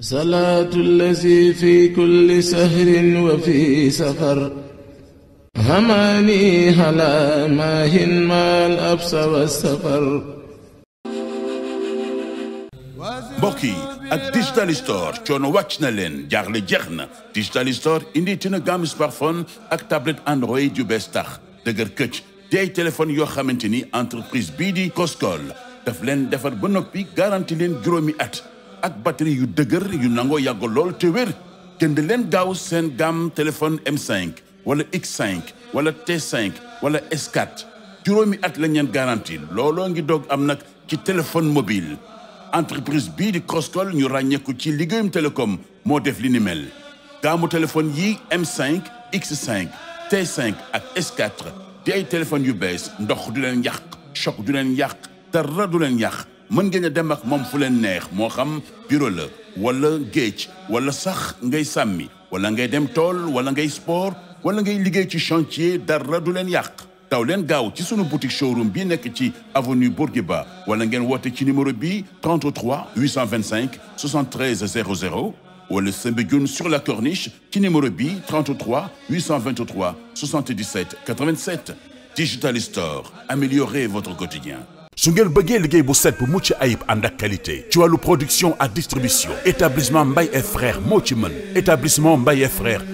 salaatu allazi fi kulli sahrin wa fi safar hamaani halaa maahin maal absa wa safar mbokk yi ak digital store coono wàcc na leen jaaxle jeex na digital store indi tina gamme smartphone ak tablette android yu bees tax dëgër këcc te ay téléphone yoo xamante ni entreprise bii di Koskol daf leen defar ba noppi garanti leen juróomi at ak batterie yu dëgër yu nangoo yàgg lool te wér jënd leen gaaw seen gamme téléphone M5 wala X5 wala T5 wala s juróomi at lañ leen garantie looloo ngi doog am nag ci téléphone mobile entreprise bii di Crosscall ñu ràññeeku ci liggéeyum télécom moo def li ni mel gaamu téléphone yi M5 X5 T5 ak S4 di ay téléphones yu bees ndox du leen yàq choc du leen yàq dara du leen yàq mën ngeen a dem ak moom fu leen neex moo xam bureau la wala géej wala sax ngay sàmmi wala ngay dem tool wala ngay sport wala ngay liggéey ci chantier dara du leen yàq daw leen gaaw ci sunu boutique showroom bi nekk ci avenue Bourguiba wala ngeen woote ci numéro bi vingt 33 825 73 00 wala Soumbédioune sur la corniche ci numéro bi 33 823 77 87 digital store améliorez votre quotidien su ngeen bëggee liggéey bu set bu mucc ayib ànd ak qualité ci wàllu production ak distribution établissement mbay et frères moo ci mën établissement mbay et frères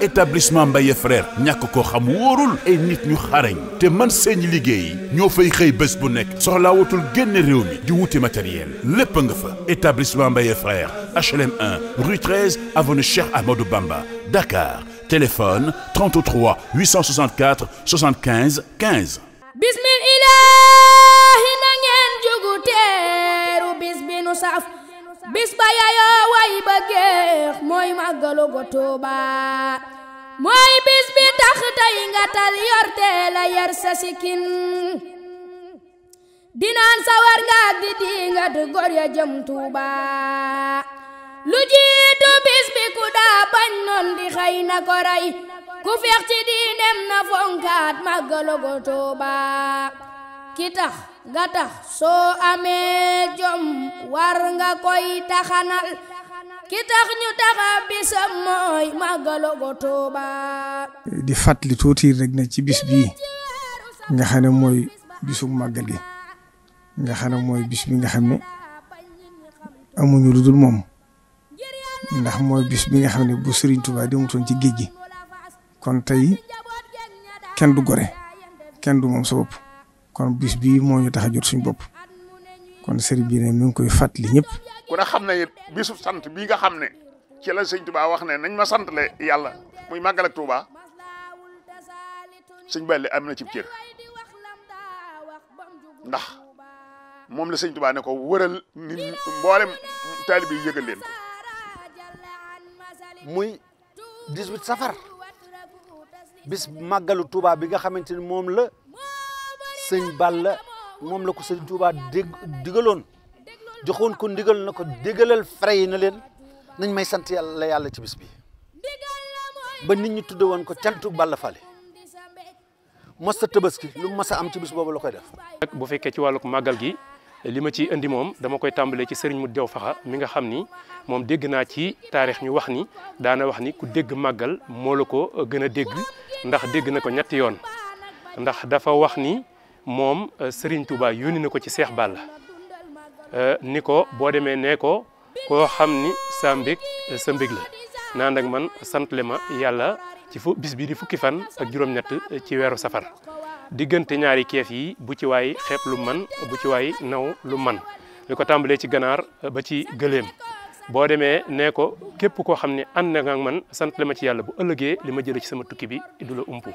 établissement Mbaye frère ñàkk koo xam wóorul ay nit ñu xarañ te man seen liggéey ñoo fay xëy bés bu nekk soxlaa watul génn réew mi di wuti matériel lépp nga fa établissement Mbaye frère HLM 1 rue 13 avenue Cheikh Amadou Bamba Dakar téléphone 33 864 75 15. bismilaahi na ngeen jugu teeru nu saf. bis ba yayoo géex mooy màggalu go Tuuba mooy bis bi nga tal yorte la yer sa dinaan sawar nga ak di diingat góor ya jëm Tuuba lu jiitu bis ku daa bañ noon di xëy na ko rey ku feex ci diinem na fonkaat màggalu go Tuuba ki tax nga tax soo amee jom war nga koy taxanal ki tax ñu taxa bisam mooy màggalu ko Tuuba di fàttali tuuti rek na ci bis bii nga xam ne mooy bisu màggal gi nga xam ne mooy bis bi nga xam ne amuñu lu dul moom ndax mooy bis bi nga xam ne bu Serigne Touba demutoon ci géej gi kon tey kenn du gore kenn du moom sa bopp kon bis bii moo ñu tax a jot suñ bopp kon sëriñ bi ne mi ngi koy fàttali ñëpp. ku xam ne bisu sant bi nga xam ne cela la sëñ wax ne nañ ma sant le yàlla muy màggal ak Touba sëñ Balla am na cib cër ndax moom la sëñ Touba ne ko wëral nit mboolem taalibe yi yëgal leen ko. muy 18 safar bis màggalu Touba bi nga xamante ni moom la. sëñ Balla moom la ko sëñ Touba dégg digaloon joxoon ko ndigal na ko déggalal frais yi na leen nañ may sant yàlla yàlla ci bis bi ba nit ñi tudde woon ko cantu Balla Fally mos a tabaski lu mos a am ci bis boobu la koy def. nag bu fekkee ci wàllug màggal gi li ma ciy indi moom dama koy tàmbalee ci sëriñ mu dew faxa mi nga xam ni moom dégg naa ci taarix ñu wax ni daane wax ni ku dégg màggal moo la ko gën a dégg ndax dégg na ko ñetti yoon ndax dafa wax ni. moom euh, Serigne Touba yónni na ko ci Seex Balla euh, ni ko boo demee nee ko koo xam ni sa mbég euh, sa mbég la naan ak man sant ma yàlla ci fu bis bi di fukki fan ak juróom-ñett ci weeru safar diggante ñaari keef yi bu ci waay xeeb lu man bu ci waay naw lu man li ko tàmbalee ci ganaar ba ci gëléem boo demee ne ko képp koo xam ne ànd na ak man sant ma ci yàlla bu ëllëgee li ma jëlee ci sama tukki bi du la umpu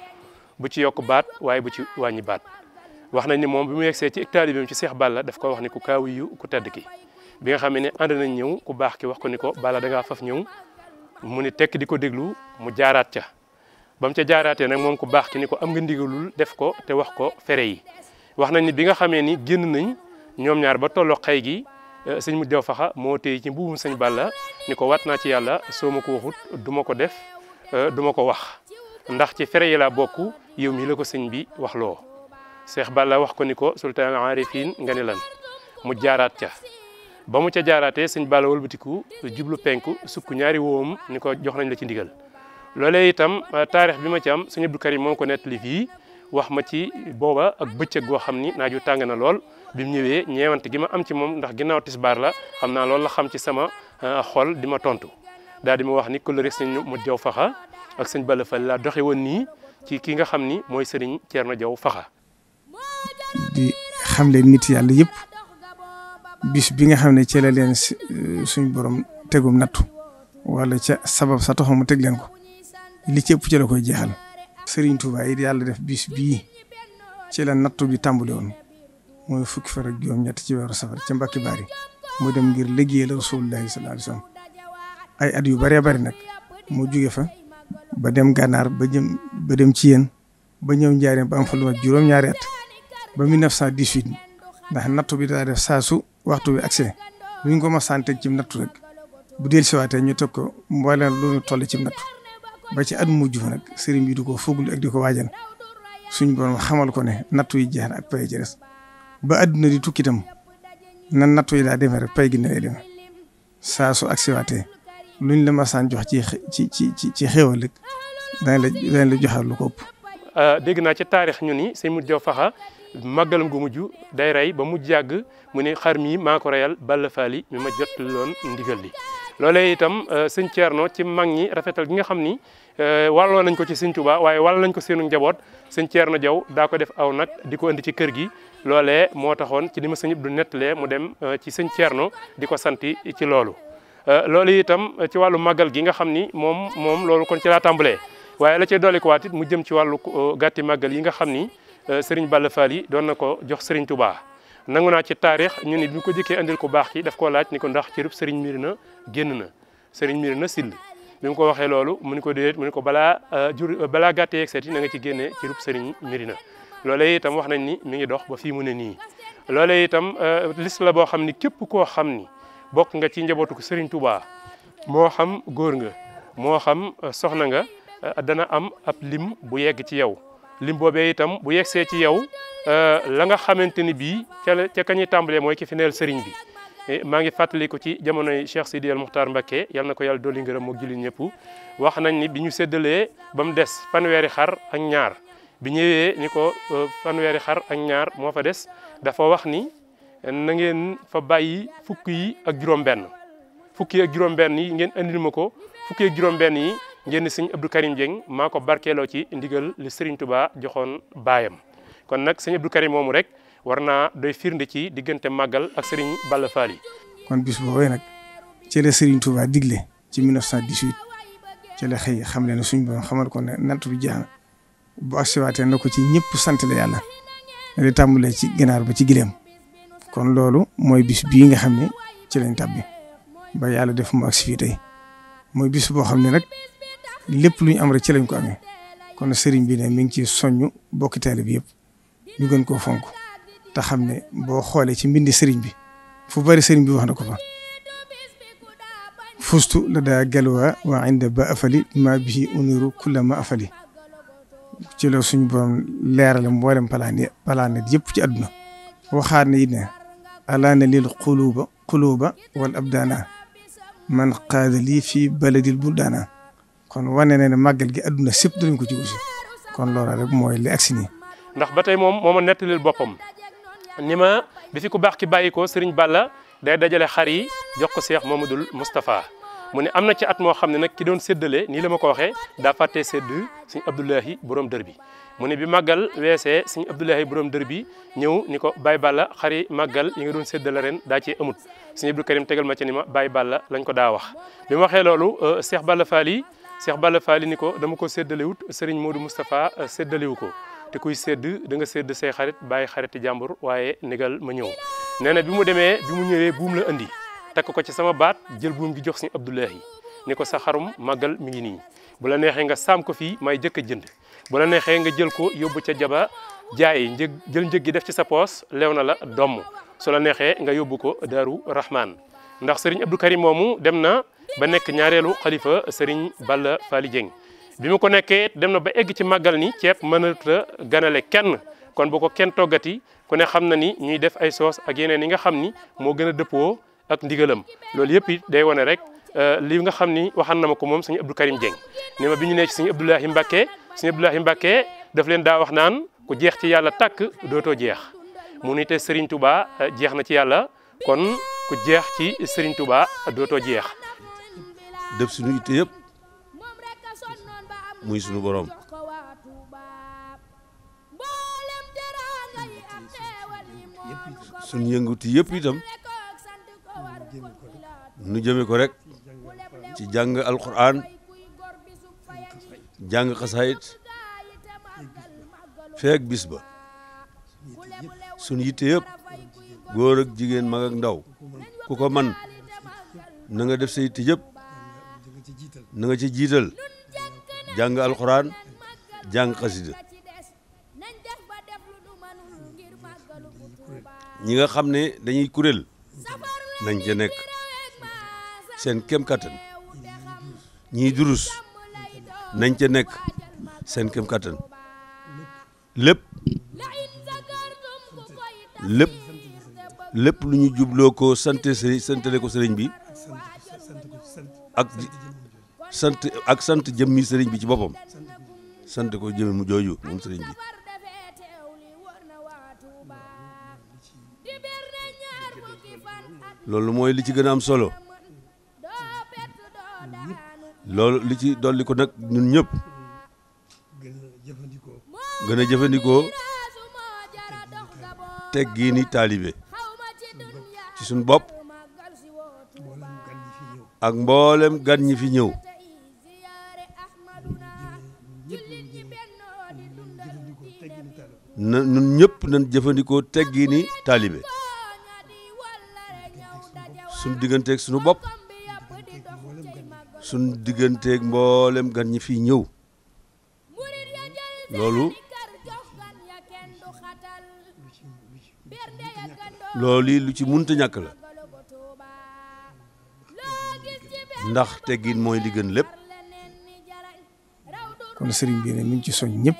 bu ci yokk baat waaye bu ci wàññi baat wax nañ ni moom bi mu yegsee ci taalibeem ci Seex Balla daf ko wax ni ku kaaw yu ku tedd ki bi nga xam ne ànd nañ ñëw ku baax ki wax ko ni ko Balla danga ngaa faf ñëw mu ni tekk di ko déglu mu jaaraat ca bam ca jaaraatee nag moom ku baax ki ni ko am nga ndigalul def ko te wax ko fere yi wax nañ ni bi nga xamee ni génn nañ ñoom ñaar ba tolloo xay gi eh, sëñ mu dew faxa moo téye ci mbuubum sëñ Balla ni ko wat naa ci yàlla soo ma ko waxut duma ko def eh, duma ko wax ndax ci fere yi laa bokk yow mii la ko sëñ bi wax loo Cheikh Balla wax ko ni ko sultaan arifin nga ne lan mu jaaraat ca ba mu ca jaaraatee sëñ Balla wëlbatiku jublu penku sukk ñaari woom ni ko jox nañ la ci ndigal loolee itam euh, taarix bi ma ci am sëñ Abdou Karim moom ko nettali fii wax ma ci booba ak bëccëg goo xam ni naaju tàng na lool bi mu ñëwee ñeewante gi ma am ci moom ndax ginnaaw baar la xam naa loolu la xam ci sama euh, xol di ma tontu daal di ma wax ni kolëre sëñ mu jaw faxa ak sëñ Balla Fall laa doxe woon nii ci kii nga xam ni mooy sëriñ na Jaw faxa di xam leen nit yàlla yëpp bis bi nga xam ne ci la leen euh, suñ borom tegum nattu wala ca sabab sa taxaw mu teg leen ko li ci ëpp ci la koy jeexal. Serigne Touba yi yàlla def bis bii ci la nattu bi tàmbali woon mooy fukki fan ak juróom-ñett ci weeru safar ca Mbàkke Baari mu dem ngir liggéeyal Rasulullahi sallallahu alayhi wasallam ay at yu bëree bëri nag mu jóge fa ba dem gànnaar ba jëm dem ci yéen ba ñëw njaareen ba am fa lu juróom-ñaari at. ba 1918 ndax nattu bi daa def saa su waxtu bi accès lu ñu ko masaan teg ci nattu rek bu del siwaatee ñu teg ko mbooleem lu ñu toll ci nattu ba ci at mujj fa nag sëriñ bi du ko fooglu di ko waajal suñ borom xamal ko ne nattu yi jeex na ak pay ba àdduna di tukki itam nan nattu yi daa demee rek pay gi ne lay jox ci ci ci ci xéewal rek daañu la daañu la joxal ko ëpp. Euh, dégg naa ci taarix ñu ni sëñ màggalam go mujj day rey ba mu jàgg mu ne xar mii maa ko reyal Balla Faali mi ma jot loon ndigal li loolee itam euh, sëñ Thierno ci mag ñi rafetal gi nga xam ni euh, wàlloo nañ ko ci sëñ Touba waaye wàll nañ ko seenu njaboot sëñ Thierno Diaw daa ko def aw nag di ko indi ci kër gi loolee moo taxoon ci li ma sëñ Abdou nettalee mu dem euh, ci sëñ Thierno di ko santi ci loolu loolu itam ci wàllu màggal gi nga xam ni moom moom loolu kon ci laa tàmbalee waaye la cay dolli ko waat it mu jëm ci wàllu gàtti màggal yi nga xam ni Euh, Serigne bala Fall yi doon na ko jox Serigne Touba nangu naa ci taarix ñu ne bi ko jëkkee andil ko baax ki daf koo laaj ni ko ndax cërub Serigne Mirina génn na Serigne Mirina sill bi mu ko waxee loolu mu ni ko déet mu ni ko balaa euh, jur euh, balaa gàttee yeeg yi na nga ci génnee cërub Serigne Mirina loolee itam wax nañ ni mi ngi dox ba fii mu ne nii loolee itam list la boo xam ni képp koo xam ni bokk nga ci njabootu ko Serigne Touba moo xam góor nga moo xam soxna nga dana am ab lim bu yegg ci yow lim boobee itam bu yegsee ci yow euh, la nga xamante ni bii ca la ca kañuy mooy ki fi neel sëriñ bi. Eh, maa ngi fàttaliku ci jamonoy Cheikh Sidi El Moukhtar Mbacké yal na ko yàlla dolli ngërëm moo jullit ñëpp wax nañ ni bi ñu seddalee ba mu des fanweeri xar ak ñaar bi ñëwee ni ko euh, fanweeri xar ak ñaar moo fa des dafa wax ni na ngeen fa bàyyi fukk yi ak juróom-benn fukk yi ak juróom-benn yi ngeen andil ma ko fukk ak juróom-benn yi. ngeen sëñ Abdou Karim Dieng maa ko barkeeloo ci ndigal li Serigne Touba joxoon baayam kon nag sëñ Abdou Karim moomu rek war naa doy firnde ci diggante màggal ak Serigne Balla Fall kon bis boobee nag ci la Serigne Touba digle ci 1918 ci la xëy xam leen ne suñ borom xamal ko ne natt bi jeex na bu agsiwaatee na ko ci ñëpp sant la yàlla li tàmbalee ci ginaar ba ci gileem kon loolu mooy bis bii nga xam ne ci lañ tàbbi ba yàlla def mu agsi fii tey mooy bis boo xam ne nag. lépp lu ñu am ci lañ ko amee kon sëriñ bi ne mi ngi ci soññ bokki taalibe bi yëpp ñu gën koo fonk te xam ne boo xoolee ci mbindi sëriñ bi fu bari sëriñ bi wax na ko fa fustu la daa galwaa waa inda ba afali ma bihi uniru kulla ma afali ci loolu suñu borom leerale mboolem palaan palaanet ci àdduna waxaat na it ne alaana lil quluba quluba wal abdaana man qaada lii baladil buldaana kon wane ne ne màggal gi adduna sëpp dinañ ko ci kon loola rek mooy li agsi nii ndax ba tey moom moo ma nettalil boppam ni ma bi fi ku baax ki bàyyi ko Serigne Balla day dajale xar yi jox ko Cheikh Mamadou Moustapha mu ne am na ci at moo xam ne nag ki doon séddale nii la ma ko waxee daa fàttee sédd suñ Abdoulahi borom dër bi mu bi màggal weesee suñ Abdoulahi borom dër bi ñëw ni ko Baye Balla xari màggal yi nga doon séddale ren daa ci amut suñu Abdou Karim tegal ma ci ni ma Baye Balla lañ ko daa wax Cheikh Balla Faali ni ko dama ko séddalewut Serigne Modou Moustapha euh, séddalewu ko te kuy sedd da nga sédd say xarit bàyyi xariti jàmbur waaye négal ma ñëw nee na bi mu demee bi mu ñëwee buum la indi takk ko ci sama baat jël buum gi jox Serigne Abdoulahi ni ko sa xarum màggal mu ngi nii bu la neexee nga saam ko fii may jëkk a jënd bu la neexee nga jël ko yóbbu ca jaba jaay njëg jël njëg gi def ci sa poos lew na la domm su la neexee nga yóbbu ko daaru rahman ndax Serigne moomu dem na ba nekk ñaareelu xalifa Serigne Balla Fally Dieng bi mu ko nekkee dem na ba egg ci màggal ni ceeb mënat a ganale kenn kon bu ko kenn toggati ko ne xam na ni ñuy def ay soos ak yeneen yi nga xam ni moo gën a dëppoo ak ndigalam loolu yëpp day wane rek euh, li nga xam ni waxaan na ma ko moom suñu Abdou Karim Dieng ne ma bi ñu nekk suñu ci sëñ Abdoulahi suñu sëñ Abdoulahi Mbacke daf leen daa wax naan ku jeex ci yàlla takk dootoo jeex mu ni te Serigne Touba euh, jeex na ci yàlla kon ku jeex ci Serigne Touba dootoo jeex def suñu itte yëpp muy sunu boroom suñu yënguti yëpp itam nu jëme ko rek ci jàng alquran jàng xasaayit feek bis ba suñu yitte yëpp góor ak jigéen mag ak ndaw ku ko man na nga def sa yitte yëpp na nga ci jiital jàng alxuraan jàng xasida ñi nga xam ne dañuy kuréel nañ ca nekk seen kem kattan ñiy durus nañ ca nekk seen kem kattan lépp lépp lu ñu jubloo ko sante sëriñ ko sëriñ bi ak sant ak sant jëmmi sëriñ bi ci boppam sant ko jëmmi mu jooju moom sëriñ bi loolu mooy li ci gën a am solo loolu li ci dolliko nag ñun ñëpp gën a jëfandikoo teggiini taalibe ci suñ bopp ak mboolem gan ñi fi ñëw na ñun ñëpp nañ jëfandikoo teggi ni taalibe suñ digganteeg suñu bopp suñ digganteek mboolem gan ñi fi ñëw loolu loolu lu ci munta ñàkk la ndax teggin mooy li gën lépp kon sëriñ bi ne mu ngi ci soñ ñëpp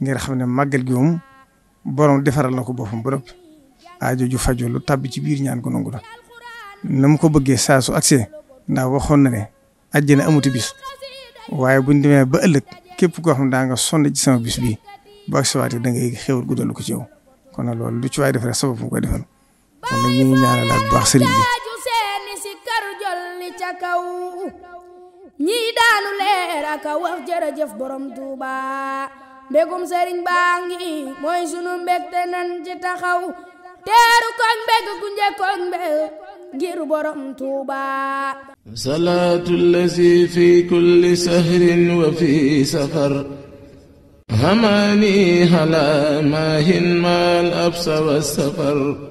ngir xam ne màggal gi moom borom defaral na ko boppam ba noppi aajo ju fajoo lu tàbbi ci biir ñaan ko nangu la na ko bëggee saa su accès ndax waxoon na ne àjjana amuti bis waaye buñ demee ba ëllëg képp koo xam ne daa nga sonn ci sama bis bii bu accès waatee da ngay xéwal guddal ko ci yow kon nag loolu lu ci waay defaree sababu mu koy defal kon nag ñu ngi ñaanal bu ñii daanu leer ak wax jërëjëf borom Tuuba mbégum sëriñ baa ngi mooy sunu mbégte nan ci taxaw teeru koog mbég gu njëkkoog mbég ngir borom Tuuba fi kulli sahrin wa fi safar hamani hala maahin maal absa wa safar